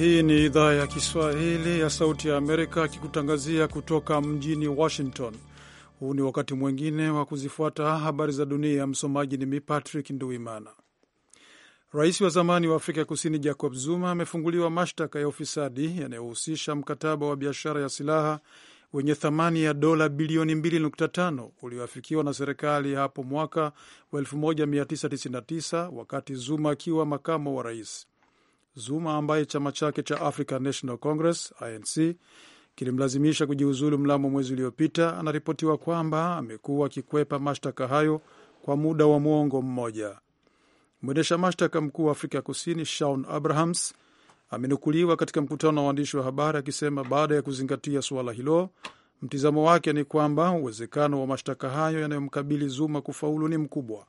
Hii ni idhaa ya Kiswahili ya Sauti ya Amerika akikutangazia kutoka mjini Washington. Huu ni wakati mwingine wa kuzifuata habari za dunia. Msomaji ni mi Patrick Rais wa zamani wa Afrika Kusini Jacob Zuma amefunguliwa mashtaka ya ufisadi yanayohusisha mkataba wa biashara ya silaha wenye thamani ya dola bilioni 2.5 ulioafikiwa na serikali hapo mwaka wa 1999 wakati Zuma akiwa makamo wa rais. Zuma ambaye chama chake cha African National Congress ANC kilimlazimisha kujiuzulu mlamo mwezi uliopita, anaripotiwa kwamba amekuwa akikwepa mashtaka hayo kwa muda wa mwongo mmoja. Mwendesha mashtaka mkuu wa Afrika Kusini Shaun Abrahams amenukuliwa katika mkutano wa waandishi wa habari akisema baada ya kuzingatia suala hilo, mtizamo wake ni kwamba uwezekano wa mashtaka hayo yanayomkabili Zuma kufaulu ni mkubwa.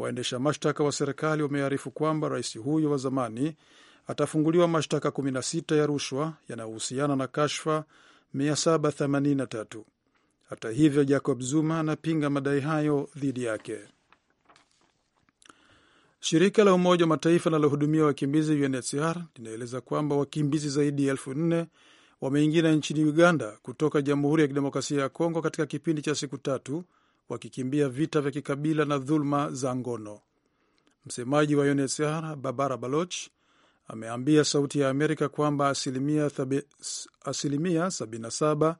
Waendesha mashtaka wa serikali wamearifu kwamba rais huyo wa zamani atafunguliwa mashtaka 16 ya rushwa yanayohusiana na kashfa 783. Hata hivyo, Jacob Zuma anapinga madai hayo dhidi yake. Shirika la Umoja wa Mataifa linalohudumia wakimbizi UNHCR linaeleza kwamba wakimbizi zaidi ya elfu nne wameingia nchini Uganda kutoka Jamhuri ya Kidemokrasia ya Kongo katika kipindi cha siku tatu wakikimbia vita vya kikabila na dhuluma za ngono. Msemaji wa UNHCR Barbara Baloch ameambia Sauti ya Amerika kwamba asilimia, asilimia 77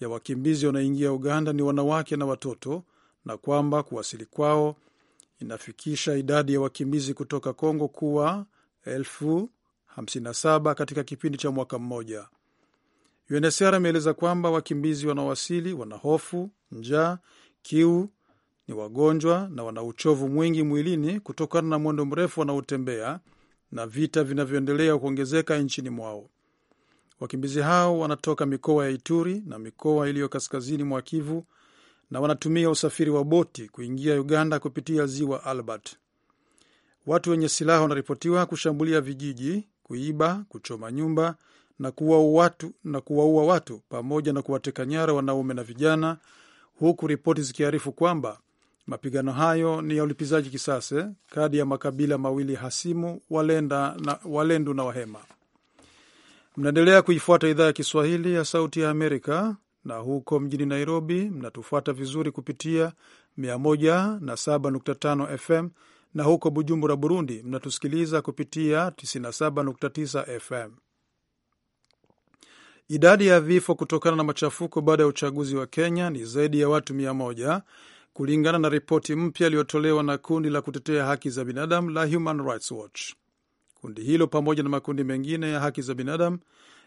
ya wakimbizi wanaoingia Uganda ni wanawake na watoto na kwamba kuwasili kwao inafikisha idadi ya wakimbizi kutoka Kongo kuwa elfu 57 katika kipindi cha mwaka mmoja. UNHCR ameeleza kwamba wakimbizi wanaowasili wana hofu, njaa, kiu, ni wagonjwa na wana uchovu mwingi mwilini kutokana na mwendo mrefu wanaotembea na vita vinavyoendelea kuongezeka nchini mwao. Wakimbizi hao wanatoka mikoa ya Ituri na mikoa iliyo kaskazini mwa Kivu na wanatumia usafiri wa boti kuingia Uganda kupitia ziwa Albert. Watu wenye silaha wanaripotiwa kushambulia vijiji, kuiba, kuchoma nyumba na kuwaua watu, na kuwaua watu pamoja na kuwateka nyara wanaume na vijana huku ripoti zikiarifu kwamba mapigano hayo ni ya ulipizaji kisasi kadi ya makabila mawili hasimu, Walenda na, Walendu na Wahema. Mnaendelea kuifuata idhaa ya Kiswahili ya Sauti ya Amerika, na huko mjini Nairobi mnatufuata vizuri kupitia 107.5 FM na huko Bujumbura, Burundi mnatusikiliza kupitia 97.9 FM. Idadi ya vifo kutokana na machafuko baada ya uchaguzi wa Kenya ni zaidi ya watu mia moja kulingana na ripoti mpya iliyotolewa na kundi la kutetea haki za binadamu la Human Rights Watch. Kundi hilo pamoja na makundi mengine ya haki za binadamu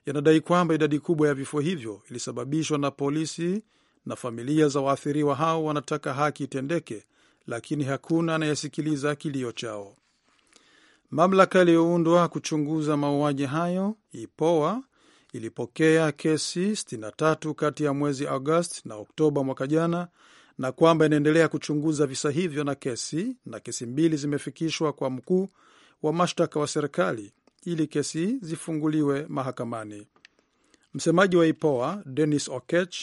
yanadai kwamba idadi kubwa ya vifo hivyo ilisababishwa na polisi, na familia za waathiriwa hao wanataka haki itendeke, lakini hakuna anayesikiliza kilio chao. Mamlaka yaliyoundwa kuchunguza mauaji hayo IPOA ilipokea kesi 63 kati ya mwezi Agosti na Oktoba mwaka jana na kwamba inaendelea kuchunguza visa hivyo na kesi na kesi mbili zimefikishwa kwa mkuu wa mashtaka wa serikali ili kesi zifunguliwe mahakamani. Msemaji wa IPOA denis Okech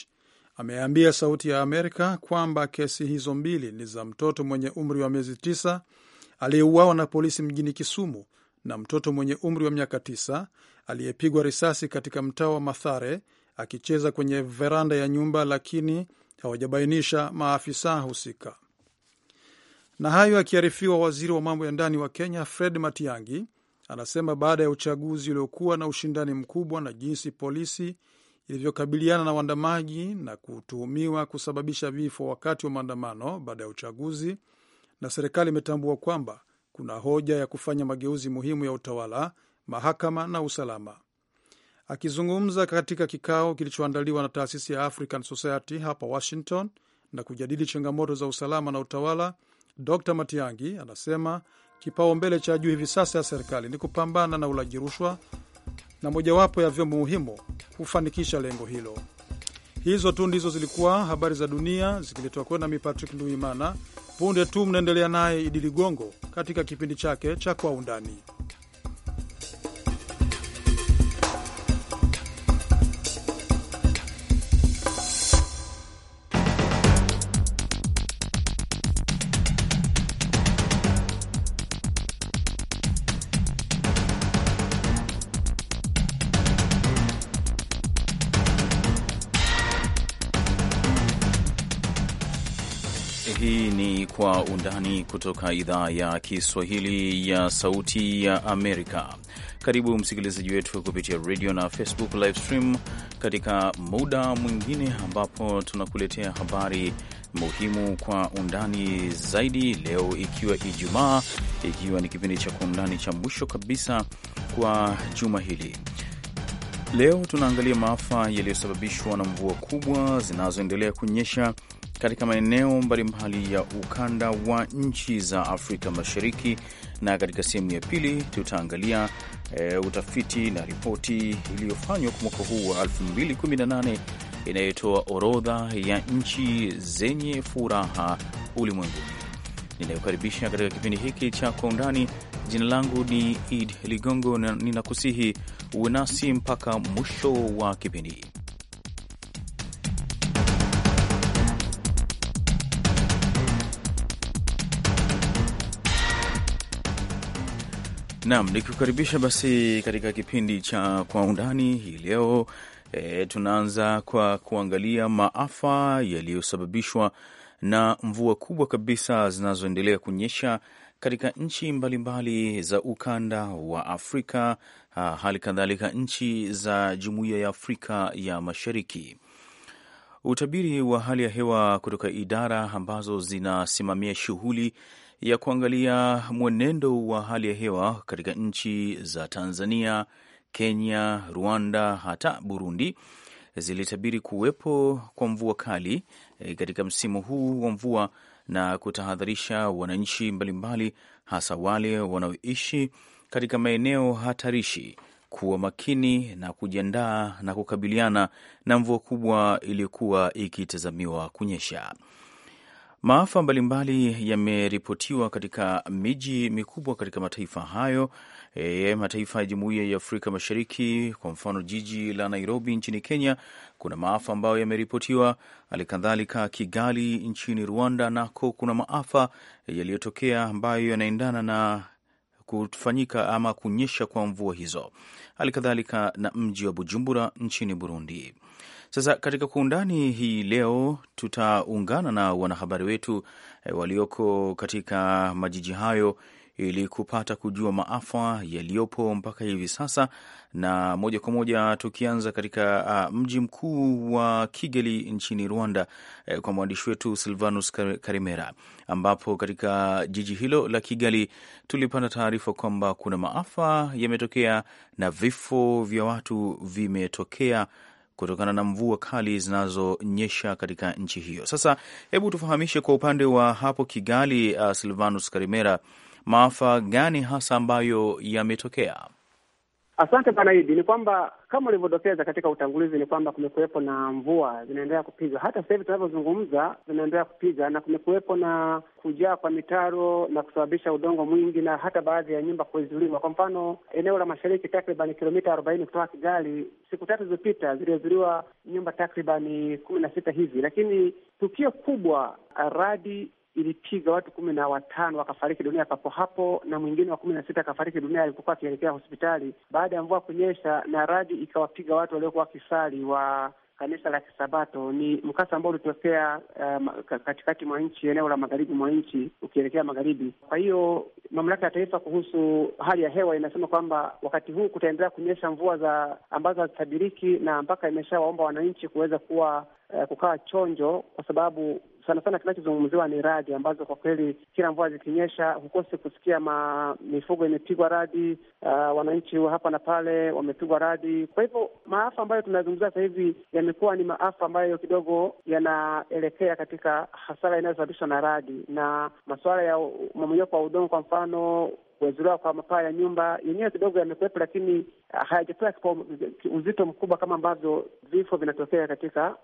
ameambia Sauti ya Amerika kwamba kesi hizo mbili ni za mtoto mwenye umri wa miezi tisa aliyeuawa na polisi mjini Kisumu na mtoto mwenye umri wa miaka tisa aliyepigwa risasi katika mtaa wa Mathare akicheza kwenye veranda ya nyumba, lakini hawajabainisha maafisa husika. Na hayo akiarifiwa, waziri wa mambo ya ndani wa Kenya Fred Matiang'i anasema baada ya uchaguzi uliokuwa na ushindani mkubwa na jinsi polisi ilivyokabiliana na waandamaji na kutuhumiwa kusababisha vifo wakati wa maandamano baada ya uchaguzi, na serikali imetambua kwamba kuna hoja ya kufanya mageuzi muhimu ya utawala, mahakama na usalama. Akizungumza katika kikao kilichoandaliwa na taasisi ya African Society hapa Washington na kujadili changamoto za usalama na utawala, Dr Matiangi anasema kipaumbele cha juu hivi sasa ya serikali ni kupambana na ulaji rushwa na mojawapo ya vyombo muhimu kufanikisha lengo hilo. Hizo tu ndizo zilikuwa habari za dunia zikiletwa kwenu nami Patrick Nduimana. Punde tu mnaendelea naye Idi Ligongo katika kipindi chake cha Kwa Undani. kutoka idhaa ya Kiswahili ya Sauti ya Amerika. Karibu msikilizaji wetu kupitia radio na Facebook live stream katika muda mwingine ambapo tunakuletea habari muhimu kwa undani zaidi, leo ikiwa Ijumaa, ikiwa ni kipindi cha Kwa Undani cha mwisho kabisa kwa juma hili. Leo tunaangalia maafa yaliyosababishwa na mvua kubwa zinazoendelea kunyesha katika maeneo mbalimbali ya ukanda wa nchi za Afrika Mashariki, na katika sehemu ya pili tutaangalia e, utafiti na ripoti iliyofanywa kwa mwaka huu wa 2018 inayotoa orodha ya nchi zenye furaha ulimwenguni. Ninayokaribisha katika kipindi hiki cha Kwa Undani. Jina langu ni Id Ligongo na ninakusihi uwe nasi mpaka mwisho wa kipindi. Naam, nikukaribisha basi katika kipindi cha Kwa Undani hii leo. E, tunaanza kwa kuangalia maafa yaliyosababishwa na mvua kubwa kabisa zinazoendelea kunyesha katika nchi mbalimbali za ukanda wa Afrika, hali kadhalika nchi za Jumuiya ya Afrika ya Mashariki. Utabiri wa hali ya hewa kutoka idara ambazo zinasimamia shughuli ya kuangalia mwenendo wa hali ya hewa katika nchi za Tanzania, Kenya, Rwanda hata Burundi zilitabiri kuwepo kwa mvua kali e, katika msimu huu wa mvua na kutahadharisha wananchi mbalimbali, hasa wale wanaoishi katika maeneo hatarishi kuwa makini na kujiandaa na kukabiliana na mvua kubwa iliyokuwa ikitazamiwa kunyesha. Maafa mbalimbali yameripotiwa katika miji mikubwa katika mataifa hayo, e, mataifa ya jumuiya ya Afrika Mashariki. Kwa mfano jiji la Nairobi nchini Kenya kuna maafa ambayo yameripotiwa, halikadhalika Kigali nchini Rwanda nako kuna maafa yaliyotokea ambayo yanaendana na kufanyika ama kunyesha kwa mvua hizo, halikadhalika na mji wa Bujumbura nchini Burundi. Sasa katika kwa undani hii leo tutaungana na wanahabari wetu e, walioko katika majiji hayo ili kupata kujua maafa yaliyopo mpaka hivi sasa, na moja kwa moja tukianza katika uh, mji mkuu wa Kigali nchini Rwanda eh, kwa mwandishi wetu Silvanus Karimera, ambapo katika jiji hilo la Kigali tulipata taarifa kwamba kuna maafa yametokea na vifo vya watu vimetokea kutokana na mvua kali zinazonyesha katika nchi hiyo. Sasa hebu tufahamishe kwa upande wa hapo Kigali, uh, Silvanus Karimera, maafa gani hasa ambayo yametokea? Asante Bwana Idi, ni kwamba kama ulivyodokeza katika utangulizi, ni kwamba kumekuwepo na mvua zinaendelea kupiga, hata sasa hivi tunavyozungumza zinaendelea kupiga, na kumekuwepo na kujaa kwa mitaro na kusababisha udongo mwingi na hata baadhi ya nyumba kuezuliwa Kwa mfano, eneo la mashariki takriban kilomita arobaini kutoka Kigali, siku tatu zilizopita zilizuliwa nyumba takribani kumi na sita hivi, lakini tukio kubwa radi ilipiga watu kumi na watano wakafariki dunia papo hapo, na mwingine wa kumi na sita akafariki dunia alipokuwa akielekea hospitali baada ya mvua kunyesha, na radi ikawapiga watu waliokuwa wakisali wa kanisa la Kisabato. Ni mkasa ambao ulitokea uh, katikati mwa nchi, eneo la magharibi mwa nchi ukielekea magharibi. Kwa hiyo mamlaka ya taifa kuhusu hali ya hewa inasema kwamba wakati huu kutaendelea kunyesha mvua za ambazo hazitabiriki, na mpaka imeshawaomba wananchi kuweza kuwa uh, kukaa chonjo, kwa sababu sana sana kinachozungumziwa ni radi ambazo kwa kweli kila mvua zikinyesha hukosi kusikia ma, mifugo imepigwa radi, uh, wananchi hapa na pale wamepigwa radi. Kwa hivyo maafa ambayo tunazungumzia sasa hivi yamekuwa ni maafa ambayo kidogo yanaelekea katika hasara inayosababishwa na radi na masuala ya mmomonyoko wa udongo, kwa mfano kuwezuliwa kwa mapaa ya nyumba yenyewe kidogo yamekuwepo, lakini uh, hayajapewa uzito mkubwa kama ambavyo vifo vinatokea katika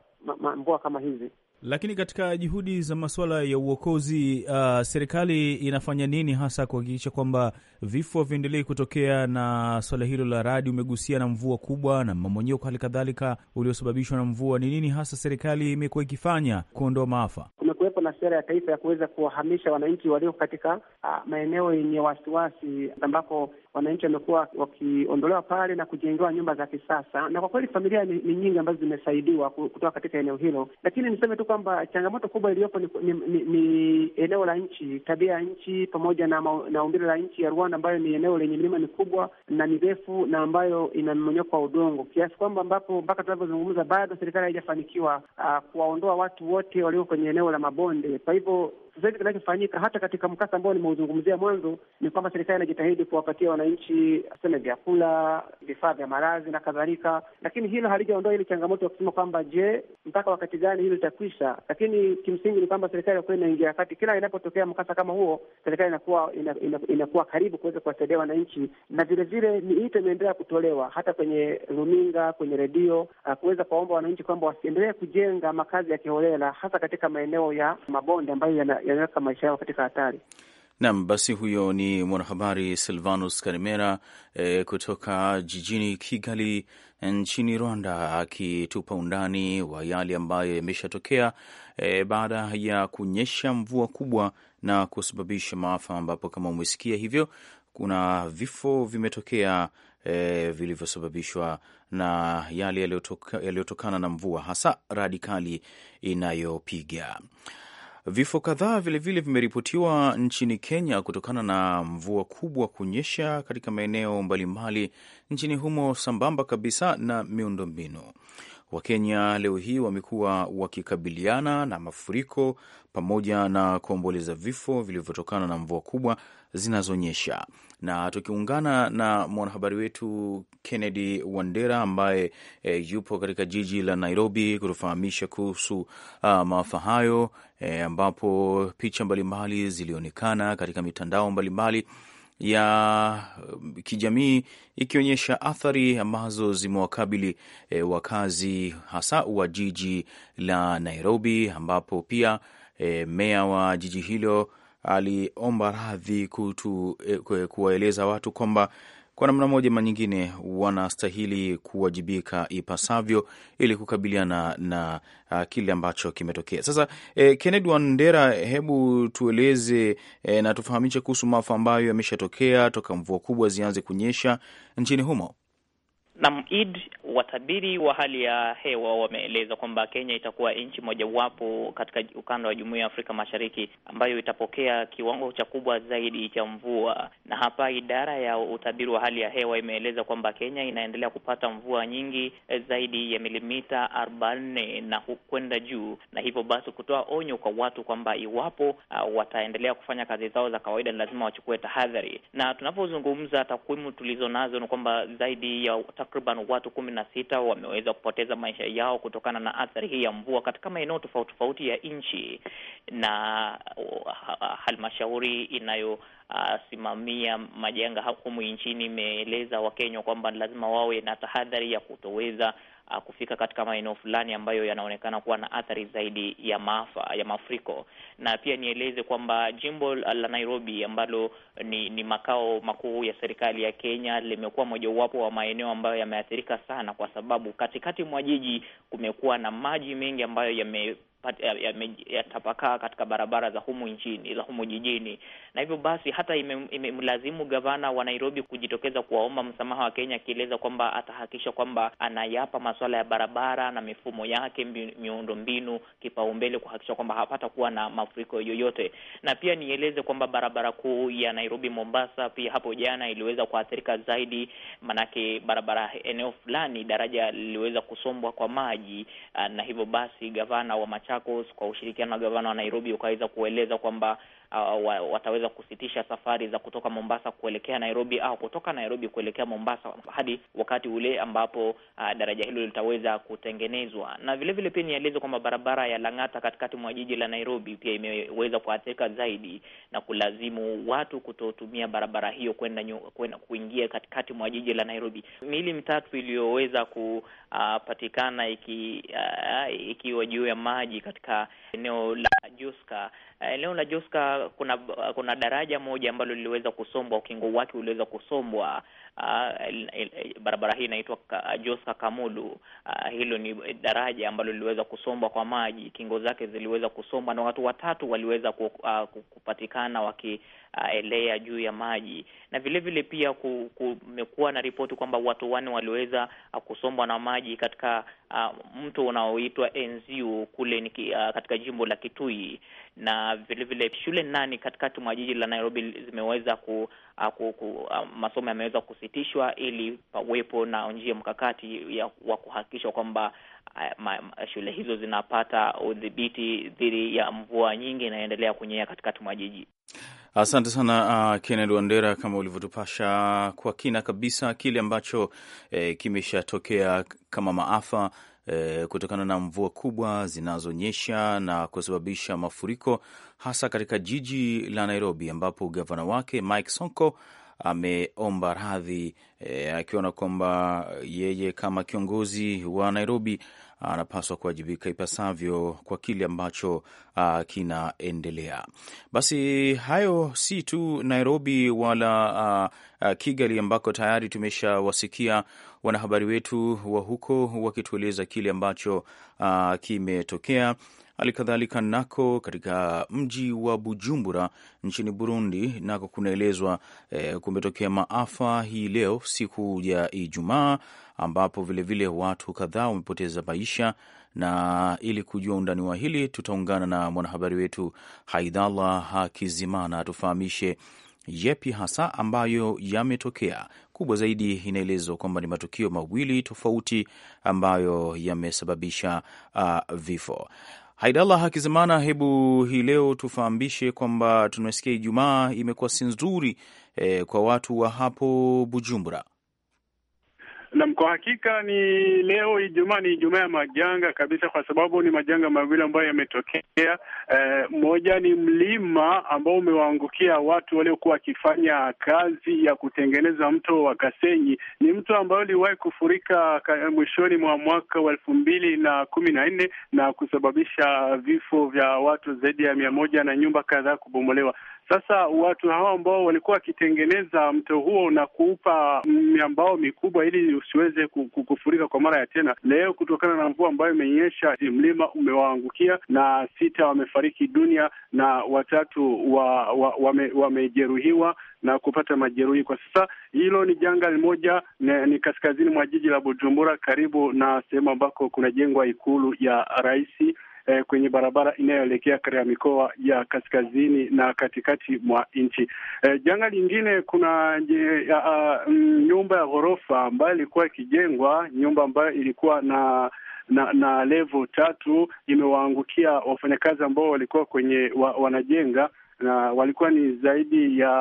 mvua kama hizi. Lakini katika juhudi za masuala ya uokozi uh, serikali inafanya nini hasa kuhakikisha kwamba vifo viendelei kutokea? Na swala hilo la radi umegusia, na mvua kubwa na mamonyeko hali kadhalika uliosababishwa na mvua, ni nini hasa serikali imekuwa ikifanya kuondoa maafa? Kumekuwepo na sera ya taifa ya kuweza kuwahamisha wananchi walio katika uh, maeneo yenye wasiwasi, ambapo wananchi wamekuwa wakiondolewa pale na kujengewa nyumba za kisasa, na kwa kweli familia ni, ni nyingi ambazo zimesaidiwa kutoka katika eneo hilo, lakini niseme tu kwamba changamoto kubwa iliyopo ni, ni, ni, ni eneo la nchi, tabia ya nchi pamoja na, na umbile la nchi ya Rwanda ambayo ni eneo lenye milima mikubwa na mirefu na ambayo ina mmonyoko wa udongo kiasi kwamba ambapo mpaka tunavyozungumza bado serikali haijafanikiwa ah, kuwaondoa watu wote walioko kwenye eneo la mabonde. Kwa hivyo zaidi kinachofanyika hata katika mkasa ambao nimeuzungumzia mwanzo ni kwamba serikali inajitahidi kuwapatia wananchi aseme vyakula, vifaa vya maradhi na kadhalika, lakini hilo halijaondoa ile changamoto ya kusema kwamba je, mpaka wakati gani hilo litakwisha? Lakini kimsingi ni kwamba serikali yakuwa inaingia kati kila inapotokea mkasa kama huo, serikali inakuwa ina, ina, inakuwa karibu kuweza kuwasaidia wananchi, na vilevile miito imeendelea kutolewa hata kwenye runinga, kwenye redio ah, kuweza kuwaomba wananchi kwamba wasiendelee kujenga makazi ya kiholela hasa katika maeneo ya mabonde ambayo yana yanaweka maisha yao katika hatari. Nam, basi huyo ni mwanahabari Silvanus Karimera e, kutoka jijini Kigali nchini Rwanda, akitupa undani wa yale ambayo yameshatokea e, baada ya kunyesha mvua kubwa na kusababisha maafa, ambapo kama umesikia hivyo, kuna vifo vimetokea e, vilivyosababishwa na yale yaliyotokana na mvua, hasa radikali inayopiga Vifo kadhaa vilevile vimeripotiwa nchini Kenya kutokana na mvua kubwa kunyesha katika maeneo mbalimbali nchini humo, sambamba kabisa na miundombinu. Wakenya leo hii wamekuwa wakikabiliana na mafuriko pamoja na kuomboleza vifo vilivyotokana na mvua kubwa zinazonyesha. Na tukiungana na mwanahabari wetu Kennedy Wandera ambaye e, yupo katika jiji la Nairobi kutufahamisha kuhusu ah, maafa hayo e, ambapo picha mbalimbali zilionekana katika mitandao mbalimbali mbali ya eh, kijamii ikionyesha athari ambazo zimewakabili e, wakazi hasa wa jiji la Nairobi, ambapo pia e, meya wa jiji hilo aliomba radhi kuwaeleza watu kwamba kwa namna moja ma nyingine wanastahili kuwajibika ipasavyo ili kukabiliana na, na uh, kile ambacho kimetokea. Sasa eh, Kennedy Wandera, hebu tueleze eh, na tufahamishe kuhusu maafa ambayo yameshatokea toka mvua kubwa zianze kunyesha nchini humo. Naam, Eid, watabiri wa hali ya hewa wameeleza kwamba Kenya itakuwa nchi mojawapo katika ukanda wa Jumuiya ya Afrika Mashariki ambayo itapokea kiwango cha kubwa zaidi cha mvua, na hapa idara ya utabiri wa hali ya hewa imeeleza kwamba Kenya inaendelea kupata mvua nyingi e, zaidi ya milimita arobaini na kwenda juu, na hivyo basi kutoa onyo kwa watu kwamba iwapo uh, wataendelea kufanya kazi zao za kawaida, ni lazima wachukue tahadhari. Na tunapozungumza takwimu tulizo nazo ni kwamba zaidi ya takriban watu kumi na sita wameweza kupoteza maisha yao kutokana na athari hii ya mvua katika maeneo tofauti tofauti ya nchi, na uh, halmashauri inayosimamia uh, majanga humu nchini imeeleza Wakenya kwamba lazima wawe na tahadhari ya kutoweza uh, kufika katika maeneo fulani ambayo yanaonekana kuwa na athari zaidi ya maafa ya mafuriko. Na pia nieleze kwamba jimbo la Nairobi ambalo ni, ni makao makuu ya serikali ya Kenya limekuwa mojawapo wa maeneo ambayo yameathirika sana, kwa sababu katikati mwa jiji kumekuwa na maji mengi ambayo yame yatapakaa eh, ya katika barabara za humu nchini za humu jijini, na hivyo basi hata imemlazimu ime gavana wa Nairobi kujitokeza kuwaomba msamaha wa Kenya, akieleza kwamba atahakikisha kwamba anayapa masuala ya barabara na mifumo yake, miundo mbinu kipaumbele, kuhakikisha kwamba hapata kuwa na mafuriko yoyote. Na pia nieleze kwamba barabara kuu ya Nairobi Mombasa pia hapo jana iliweza kuathirika zaidi, manake barabara eneo fulani daraja liliweza kusombwa kwa maji, ah, na hivyo basi gavana wa Machakos kwa ushirikiano na gavana wa Nairobi ukaweza kueleza kwamba uh, wataweza kusitisha safari za kutoka Mombasa kuelekea Nairobi au kutoka Nairobi kuelekea Mombasa hadi wakati ule ambapo uh, daraja hilo litaweza kutengenezwa. Na vile vile pia nieleze kwamba barabara ya Lang'ata katikati mwa jiji la Nairobi pia imeweza kuathirika zaidi na kulazimu watu kutotumia barabara hiyo kwenda kuingia katikati mwa jiji la Nairobi. Miili mitatu iliyoweza ku uh, patikana iki, uh, ikiwa juu ya maji katika eneo la Juska. Eh, eneo la Juska kuna kuna daraja moja ambalo liliweza kusombwa, ukingo wake uliweza kusombwa uh, barabara hii inaitwa Jos Kakamulu. Uh, hilo ni daraja ambalo liliweza kusombwa kwa maji, kingo zake ziliweza kusombwa na watu watatu waliweza ku, uh, kupatikana wakielea uh, juu ya maji, na vile vile pia kumekuwa na ripoti kwamba watu wanne waliweza uh, kusombwa na maji katika uh, mtu unaoitwa Enziu kule ni uh, katika jimbo la Kitui na vilevile vile shule nane katikati mwa jiji la Nairobi zimeweza ku, uh, ku, ku uh, masomo yameweza kusitishwa ili pawepo na njia mkakati ya wa kuhakikisha kwamba uh, shule hizo zinapata udhibiti dhidi ya mvua nyingi inayoendelea kunyea katikati mwa jiji. Asante sana uh, Kennedy Wandera, kama ulivyotupasha kwa kina kabisa kile ambacho eh, kimeshatokea kama maafa eh, kutokana na mvua kubwa zinazonyesha na kusababisha mafuriko hasa katika jiji la Nairobi, ambapo gavana wake Mike Sonko ameomba radhi eh, akiona kwamba yeye kama kiongozi wa Nairobi anapaswa kuwajibika ipasavyo kwa kile ambacho uh, kinaendelea. Basi hayo si tu Nairobi wala uh, uh, Kigali ambako tayari tumeshawasikia wanahabari wetu wa huko wakitueleza kile ambacho uh, kimetokea Halikadhalika nako katika mji wa Bujumbura nchini Burundi nako kunaelezwa e, kumetokea maafa hii leo siku ya Ijumaa, ambapo vilevile vile watu kadhaa wamepoteza maisha na ili kujua undani wa hili tutaungana na mwanahabari wetu Haidhala Hakizimana tufahamishe yepi hasa ambayo yametokea. Kubwa zaidi, inaelezwa kwamba ni matukio mawili tofauti ambayo yamesababisha uh, vifo. Haidallah Hakizimana, hebu hii leo tufahamishe kwamba tunasikia Ijumaa imekuwa si nzuri eh, kwa watu wa hapo Bujumbura. Nam, kwa hakika ni leo Ijumaa, ni Ijumaa ya majanga kabisa, kwa sababu ni majanga mawili ambayo yametokea. E, moja ni mlima ambao umewaangukia watu waliokuwa wakifanya kazi ya kutengeneza mto wa Kasenyi. Ni mto ambao uliwahi kufurika mwishoni mwa mwaka wa elfu mbili na kumi na nne na kusababisha vifo vya watu zaidi ya mia moja na nyumba kadhaa kubomolewa. Sasa watu hao ambao walikuwa wakitengeneza mto huo na kuupa miambao mikubwa ili usiweze kufurika kwa mara ya tena, leo kutokana na mvua ambayo imenyesha, mlima umewaangukia na sita wamefariki dunia na watatu wa, wa, wame, wamejeruhiwa na kupata majeruhi. Kwa sasa hilo ni janga limoja, ni kaskazini mwa jiji la Bujumbura, karibu na sehemu ambako kunajengwa ikulu ya raisi eh, kwenye barabara inayoelekea katika mikoa ya kaskazini na katikati mwa nchi. Eh, janga lingine kuna uh, nyumba ya ghorofa ambayo ilikuwa ikijengwa, nyumba ambayo ilikuwa na na na level tatu imewaangukia wafanyakazi ambao walikuwa kwenye wa, wanajenga na walikuwa ni zaidi ya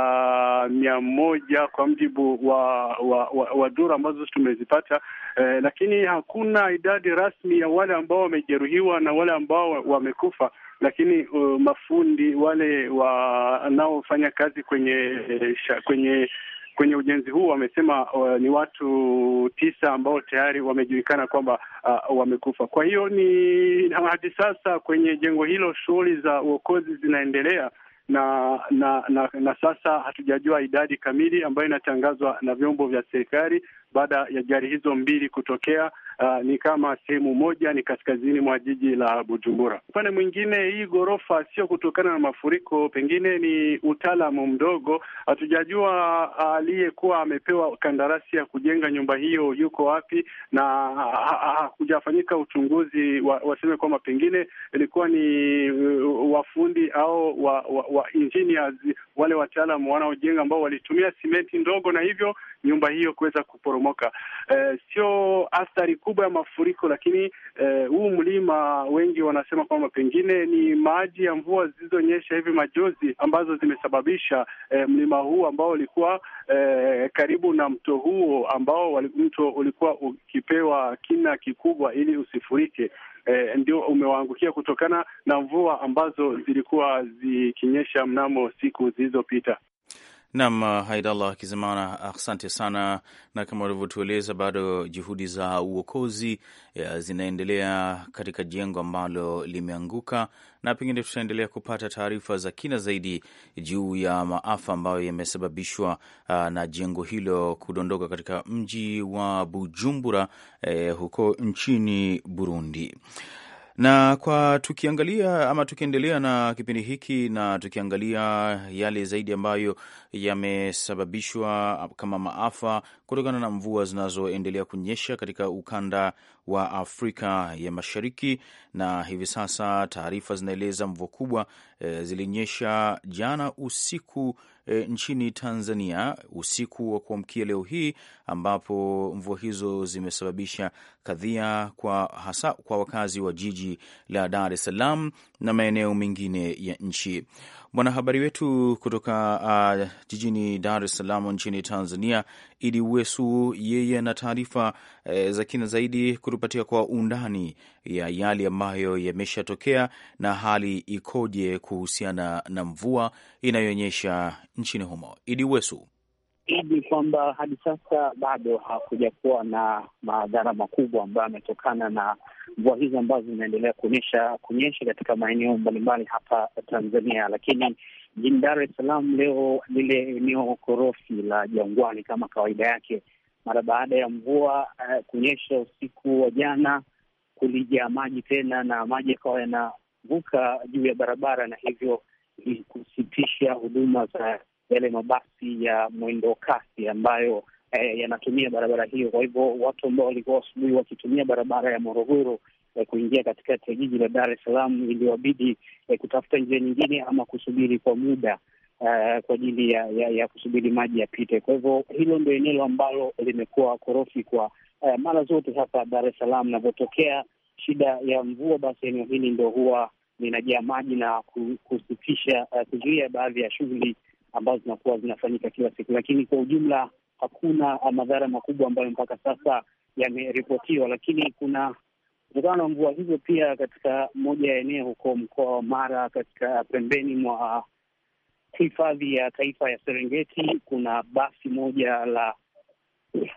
mia moja kwa mujibu wa, wa, wa, wa dura ambazo tumezipata eh, lakini hakuna idadi rasmi ya wale ambao wamejeruhiwa na wale ambao wamekufa lakini uh, mafundi wale wanaofanya kazi kwenye eh, sh, kwenye kwenye ujenzi huu wamesema uh, ni watu tisa ambao tayari wamejulikana kwamba uh, wamekufa. Kwa hiyo ni hadi sasa kwenye jengo hilo shughuli za uokozi zinaendelea na na na, na sasa hatujajua idadi kamili ambayo inatangazwa na vyombo vya serikali, baada ya gari hizo mbili kutokea. Uh, ni kama sehemu moja ni kaskazini mwa jiji la Bujumbura. Upande mwingine, hii ghorofa sio kutokana na mafuriko, pengine ni utaalamu mdogo. Hatujajua uh, aliyekuwa amepewa kandarasi ya kujenga nyumba hiyo yuko wapi, na hakujafanyika uchunguzi wa, waseme kwamba pengine ilikuwa ni uh, wafundi au wa, wa, wa engineers, wale wataalamu wanaojenga ambao walitumia simenti ndogo, na hivyo nyumba hiyo kuweza kuporomoka kuporomoka. Eh, sio athari kubwa ya mafuriko, lakini eh, huu mlima wengi wanasema kwamba pengine ni maji ya mvua zilizonyesha hivi majuzi ambazo zimesababisha eh, mlima huu ambao ulikuwa eh, karibu na mto huo ambao mto ulikuwa ukipewa kina kikubwa ili usifurike. Eh, ndio umewaangukia kutokana na mvua ambazo zilikuwa zikinyesha mnamo siku zilizopita. Nam uh, Haidallah Kizimana, asante sana. Na kama ulivyotueleza, bado juhudi za uokozi eh, zinaendelea katika jengo ambalo limeanguka, na pengine tutaendelea kupata taarifa za kina zaidi juu ya maafa ambayo yamesababishwa uh, na jengo hilo kudondoka katika mji wa Bujumbura, eh, huko nchini Burundi na kwa tukiangalia ama tukiendelea na kipindi hiki na tukiangalia yale zaidi ambayo yamesababishwa kama maafa kutokana na mvua zinazoendelea kunyesha katika ukanda wa Afrika ya Mashariki, na hivi sasa taarifa zinaeleza mvua kubwa e, zilinyesha jana usiku e, nchini Tanzania usiku wa kuamkia leo hii, ambapo mvua hizo zimesababisha kadhia kwa hasa kwa wakazi wa jiji la Dar es Salaam na maeneo mengine ya nchi. Mwanahabari wetu kutoka uh, jijini Dar es Salaam nchini Tanzania, Idi Uwesu, yeye ana taarifa eh, za kina zaidi kutupatia kwa undani ya yale ambayo yameshatokea na hali ikoje kuhusiana na mvua inayoonyesha nchini humo. Idi Uwesu ni kwamba hadi sasa bado hakuja kuwa na madhara makubwa ambayo yametokana na mvua hizo ambazo zinaendelea kuonyesha kunyesha katika maeneo mbalimbali hapa Tanzania, lakini jijini Dar es Salaam leo lile eneo korofi la Jangwani kama kawaida yake, mara baada ya mvua uh, kunyesha usiku wa jana, kulijaa maji tena na maji yakawa yanavuka juu ya barabara na hivyo kusitisha huduma za yale mabasi ya mwendo kasi ambayo eh, yanatumia barabara hiyo. Kwa hivyo watu ambao walikuwa asubuhi wakitumia barabara ya Morogoro eh, kuingia katikati ya jiji la Dar es Salaam iliwabidi eh, kutafuta njia nyingine ama kusubiri kwa muda uh, kwa ajili ya, ya, ya kusubiri maji yapite. Kwa hivyo hilo ndio eneo ambalo limekuwa korofi kwa uh, mara zote hapa Dar es Salaam. Inavyotokea shida ya mvua, basi eneo hili ndo huwa linajaa maji na kusitisha uh, kuzuia baadhi ya shughuli ambazo zinakuwa zinafanyika kila siku, lakini kwa ujumla hakuna madhara makubwa ambayo mpaka sasa yameripotiwa. Lakini kuna kutokana na mvua hizo, pia katika moja ya eneo huko mkoa wa Mara, katika pembeni mwa hifadhi ya taifa ya Serengeti, kuna basi moja la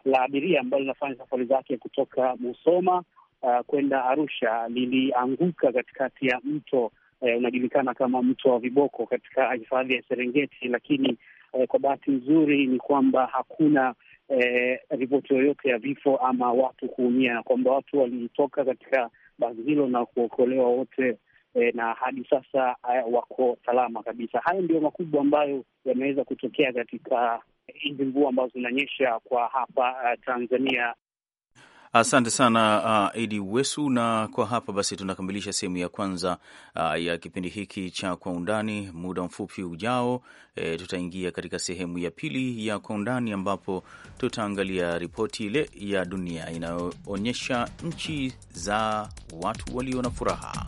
la abiria ambalo linafanya safari zake kutoka Musoma uh, kwenda Arusha lilianguka katikati ya mto eh, unajulikana kama mto wa viboko katika hifadhi ya Serengeti, lakini eh, kwa bahati nzuri ni kwamba hakuna eh, ripoti yoyote ya vifo ama watu kuumia, na kwamba watu walitoka katika basi hilo na kuokolewa wote eh, na hadi sasa eh, wako salama kabisa. Hayo ndio makubwa ambayo yameweza kutokea katika hizi mvua ambazo zinanyesha kwa hapa uh, Tanzania. Asante sana uh, Idi Wesu. Na kwa hapa basi tunakamilisha sehemu ya kwanza uh, ya kipindi hiki cha Kwa Undani. Muda mfupi ujao, e, tutaingia katika sehemu ya pili ya Kwa Undani ambapo tutaangalia ripoti ile ya dunia inayoonyesha nchi za watu walio na furaha.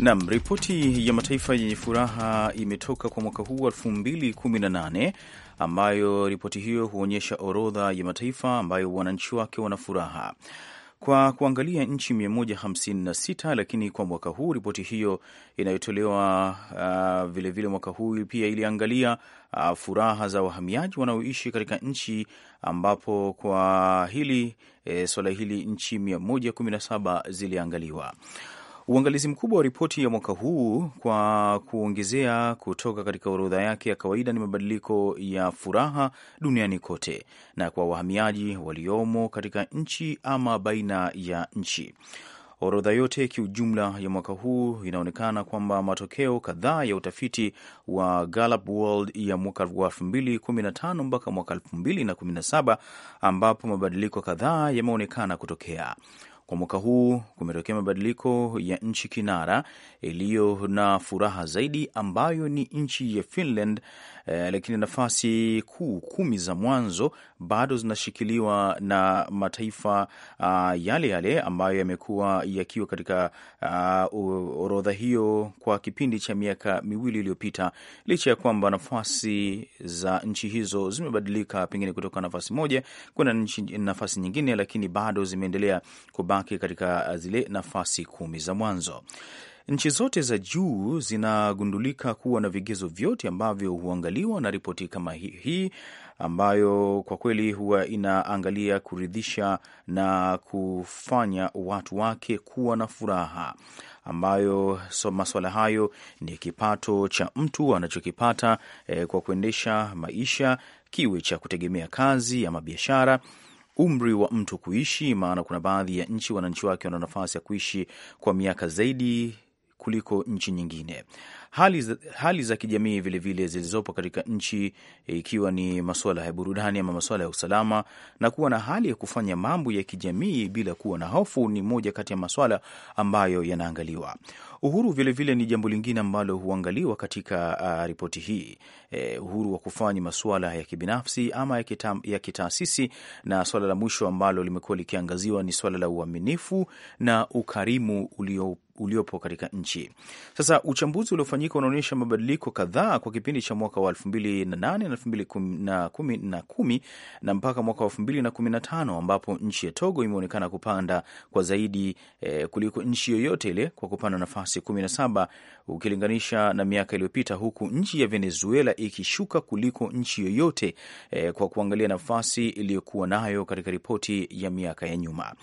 Nam, ripoti ya mataifa yenye furaha imetoka kwa mwaka huu 2018 ambayo ripoti hiyo huonyesha orodha ya mataifa ambayo wananchi wake wana furaha kwa kuangalia nchi 156 lakini kwa mwaka huu ripoti hiyo inayotolewa vilevile, uh, vile mwaka huu pia iliangalia uh, furaha za wahamiaji wanaoishi katika nchi ambapo kwa hili e, swala hili nchi 117 ziliangaliwa. Uangalizi mkubwa wa ripoti ya mwaka huu kwa kuongezea kutoka katika orodha yake ya kawaida ni mabadiliko ya furaha duniani kote na kwa wahamiaji waliomo katika nchi ama baina ya nchi. Orodha yote kiujumla ya mwaka huu inaonekana kwamba matokeo kadhaa ya utafiti wa Gallup World ya mwaka 2015 mpaka mwaka 2017 ambapo mabadiliko kadhaa yameonekana kutokea. Kwa mwaka huu kumetokea mabadiliko ya nchi kinara iliyo na furaha zaidi ambayo ni nchi ya Finland eh, lakini nafasi kuu kumi za mwanzo bado zinashikiliwa na mataifa uh, yale yale ambayo yamekuwa yakiwa katika uh, orodha hiyo kwa kipindi cha miaka miwili iliyopita, licha ya kwamba nafasi za nchi hizo zimebadilika pengine kutoka nafasi moja kwenda nafasi nyingine, lakini bado zimeendelea kubaki katika ah, zile nafasi kumi za mwanzo. Nchi zote za juu zinagundulika kuwa na vigezo vyote ambavyo huangaliwa na ripoti kama hii ambayo kwa kweli huwa inaangalia kuridhisha na kufanya watu wake kuwa na furaha, ambayo so maswala hayo ni kipato cha mtu anachokipata eh, kwa kuendesha maisha, kiwe cha kutegemea kazi ama biashara umri wa mtu kuishi, maana kuna baadhi ya nchi wananchi wake wana nafasi ya kuishi kwa miaka zaidi kuliko nchi nyingine. Hali za, hali za kijamii vilevile zilizopo katika nchi ikiwa ni masuala ya burudani ama masuala ya usalama na kuwa na hali ya kufanya mambo ya kijamii bila kuwa na hofu ni moja kati ya masuala ambayo yanaangaliwa. Uhuru vilevile vile ni jambo lingine ambalo huangaliwa katika uh, ripoti hii eh, uhuru wa kufanya masuala ya kibinafsi ama ya kitaasisi. Na swala la mwisho ambalo limekuwa likiangaziwa ni swala la uaminifu na ukarimu ulio uliopo katika nchi. Sasa uchambuzi uliofanyika unaonyesha mabadiliko kadhaa kwa kipindi cha mwaka wa elfu mbili na nane na elfu mbili na kumi na kumi na mpaka mwaka wa elfu mbili na kumi na tano ambapo nchi ya Togo imeonekana kupanda kwa zaidi eh, kuliko nchi yoyote ile kwa kupanda nafasi kumi na saba ukilinganisha na miaka iliyopita, huku nchi ya Venezuela ikishuka kuliko nchi yoyote eh, kwa kuangalia nafasi iliyokuwa nayo katika ripoti ya miaka ya nyuma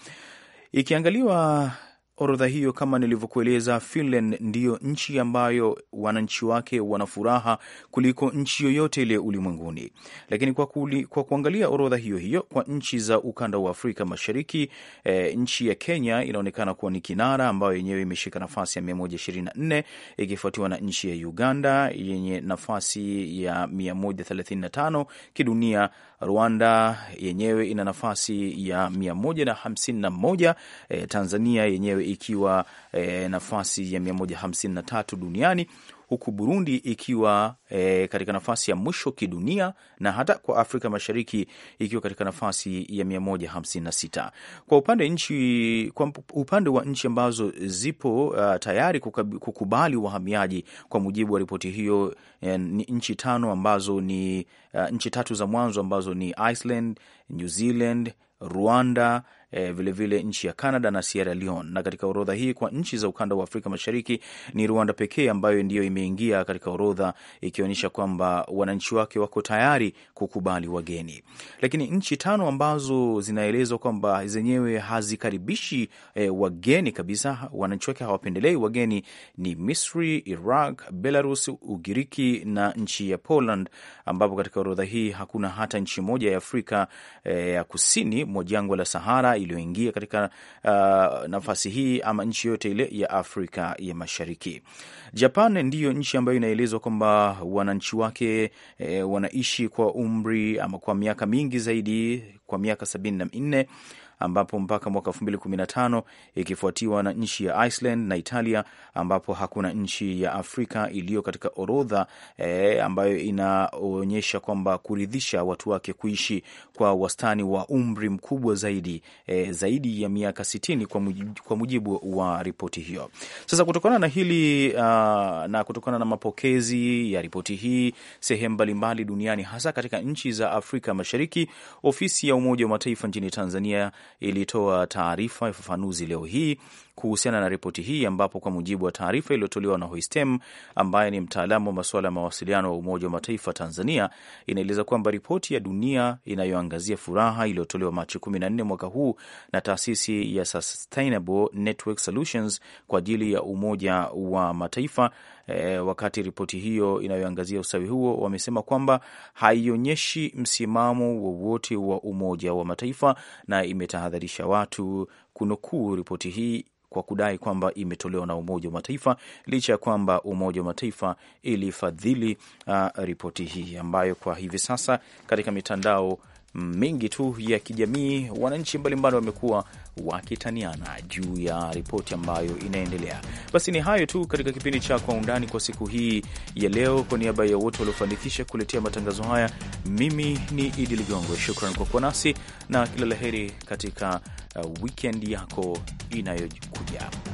ikiangaliwa orodha hiyo kama nilivyokueleza, Finland ndiyo nchi ambayo wananchi wake wana furaha kuliko nchi yoyote ile ulimwenguni. Lakini kwa, kuli, kwa kuangalia orodha hiyo hiyo kwa nchi za ukanda wa Afrika Mashariki e, nchi ya Kenya inaonekana kuwa ni kinara ambayo yenyewe imeshika nafasi ya 124 ikifuatiwa na nchi ya Uganda yenye nafasi ya 135 kidunia. Rwanda yenyewe ina nafasi ya 151 e, eh, Tanzania yenyewe ikiwa e, nafasi ya 153 duniani huku Burundi ikiwa e, katika nafasi ya mwisho kidunia na hata kwa Afrika Mashariki ikiwa katika nafasi ya 156. Kwa upande nchi, kwa upande wa nchi ambazo zipo uh, tayari kukubali wahamiaji kwa mujibu wa ripoti hiyo ni nchi tano ambazo ni uh, nchi tatu za mwanzo ambazo ni Iceland, New Zealand, Rwanda vilevile vile nchi ya Canada na Sierra Leone. Na katika orodha hii kwa nchi za ukanda wa Afrika Mashariki ni Rwanda pekee ambayo ndiyo imeingia katika orodha ikionyesha kwamba wananchi wake wako tayari kukubali wageni, lakini nchi tano ambazo zinaelezwa kwamba zenyewe hazikaribishi e, wageni kabisa, wananchi wake hawapendelei wageni ni Misri, Iraq, Belarus, Ugiriki na nchi ya Poland, ambapo katika orodha hii hakuna hata nchi moja ya Afrika e, ya e, kusini mwa jangwa la Sahara iliyoingia katika uh, nafasi hii ama nchi yote ile ya Afrika ya Mashariki. Japan ndiyo nchi ambayo inaelezwa kwamba wananchi wake e, wanaishi kwa umri ama kwa miaka mingi zaidi, kwa miaka sabini na minne ambapo mpaka mwaka 2015 ikifuatiwa na nchi ya Iceland na Italia, ambapo hakuna nchi ya Afrika iliyo katika orodha e, ambayo inaonyesha kwamba kuridhisha watu wake kuishi kwa wastani wa umri mkubwa zaidi e, zaidi ya miaka 60 kwa, kwa mujibu wa ripoti hiyo. Sasa kutokana na hili uh, na kutokana na mapokezi ya ripoti hii sehemu mbalimbali duniani hasa katika nchi za Afrika Mashariki, ofisi ya Umoja wa Mataifa nchini Tanzania ilitoa taarifa ya ufafanuzi leo hii kuhusiana na ripoti hii, ambapo kwa mujibu wa taarifa iliyotolewa na Hoistem ambaye ni mtaalamu wa masuala ya mawasiliano wa Umoja wa Mataifa Tanzania, inaeleza kwamba ripoti ya dunia inayoangazia furaha iliyotolewa Machi 14 mwaka huu na taasisi ya Sustainable Network Solutions kwa ajili ya Umoja wa Mataifa E, wakati ripoti hiyo inayoangazia usawi huo wamesema kwamba haionyeshi msimamo wowote wa Umoja wa Mataifa na imetahadharisha watu kunukuu ripoti hii kwa kudai kwamba imetolewa na Umoja wa Mataifa licha ya kwamba Umoja wa Mataifa ilifadhili uh, ripoti hii ambayo kwa hivi sasa katika mitandao mengi tu ya kijamii, wananchi mbalimbali wamekuwa wakitaniana juu ya ripoti ambayo inaendelea. Basi ni hayo tu katika kipindi cha Kwa Undani kwa siku hii ya leo. Kwa niaba ya wote waliofanikisha kuletea matangazo haya, mimi ni Idi Ligongo, shukran kwa kuwa nasi na kila la heri katika uh, wikendi yako inayokuja.